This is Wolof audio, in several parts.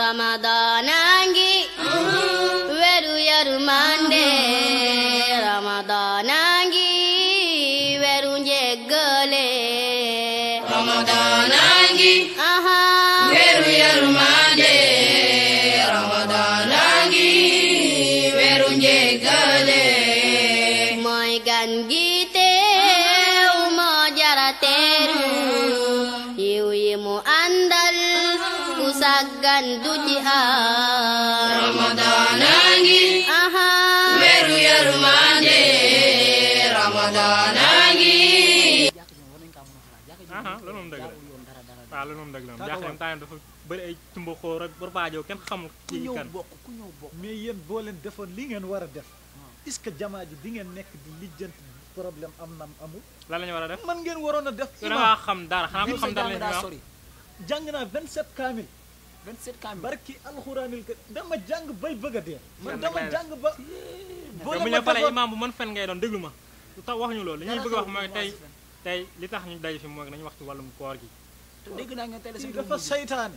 റമദാനാങ്കി വെറുയറുമാൻ്റെ റമദാനാങ്കി വെറും ജഗലേ റമദാനാങ്കി ആഹാ വെറുയറുമാൻ്റെ റമദാനാങ്കി വെറും ജെ sàggan du ci am ramadaana ngi weeru yërmande ramadaana ngi loolu moom dëgg la waaw ah, loolu moom dëgg la moom jaaxle taayam dafa bëri ay tumba xóor ak barbaajoo kenn xamul ku ñëw bokk ku ñëw bokk defoon li ngeen war a def est-ce que jamaa ji di nekk di lijjanti problème am nam amul lan la war a def man ngeen waroon a def da ngaa xam dara xanaa ko xam dara lañ sori jàng naa 27 kaamil 27 kaamil barki alxuraanil ka dama jàng bay bëgg a man dama jàng ba boo bu ñu falee bu mën fen ngay doon déglu ma lu tax wax ñu loolu li bëgg wax mooy tey tey li tax ñu daje fi mooy nañu wax ci wàllum koor gi te dégg naa nga tey dafa saytaane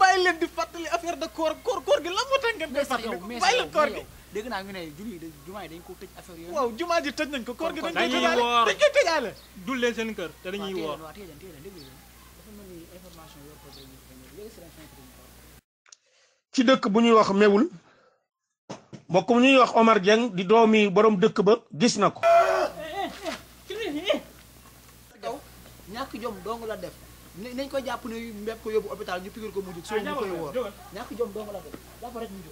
bàyyi leen di fàttali affaire de koor koor koor la mu tànk ngeen koy fàttali ko bàyyi jumaa ji tëj nañ ko koor gi dañ koy tëjaale dañ leen seen kër te dañuy woor ci dëkk bu ñuy wax Méoul mbokk mu ñuy wax Omar Dieng di doomi boroom dëkk ba gis na ko. ñàkk jom dong la def nañ ko jàpp ne mbéb ko yóbbu hôpital ñu piquer ko mu soo mu ah, ñàkk jom dong la def jàpp rek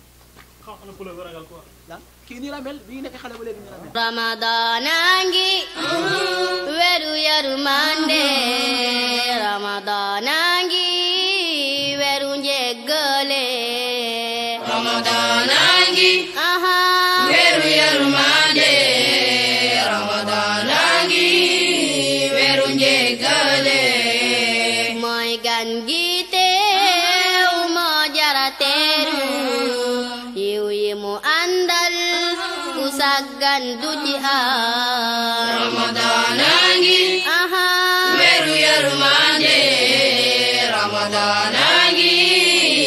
Ramadan a ngi weeru yërmande Ramadan a ngi gi mu àndal ku sàggan du ci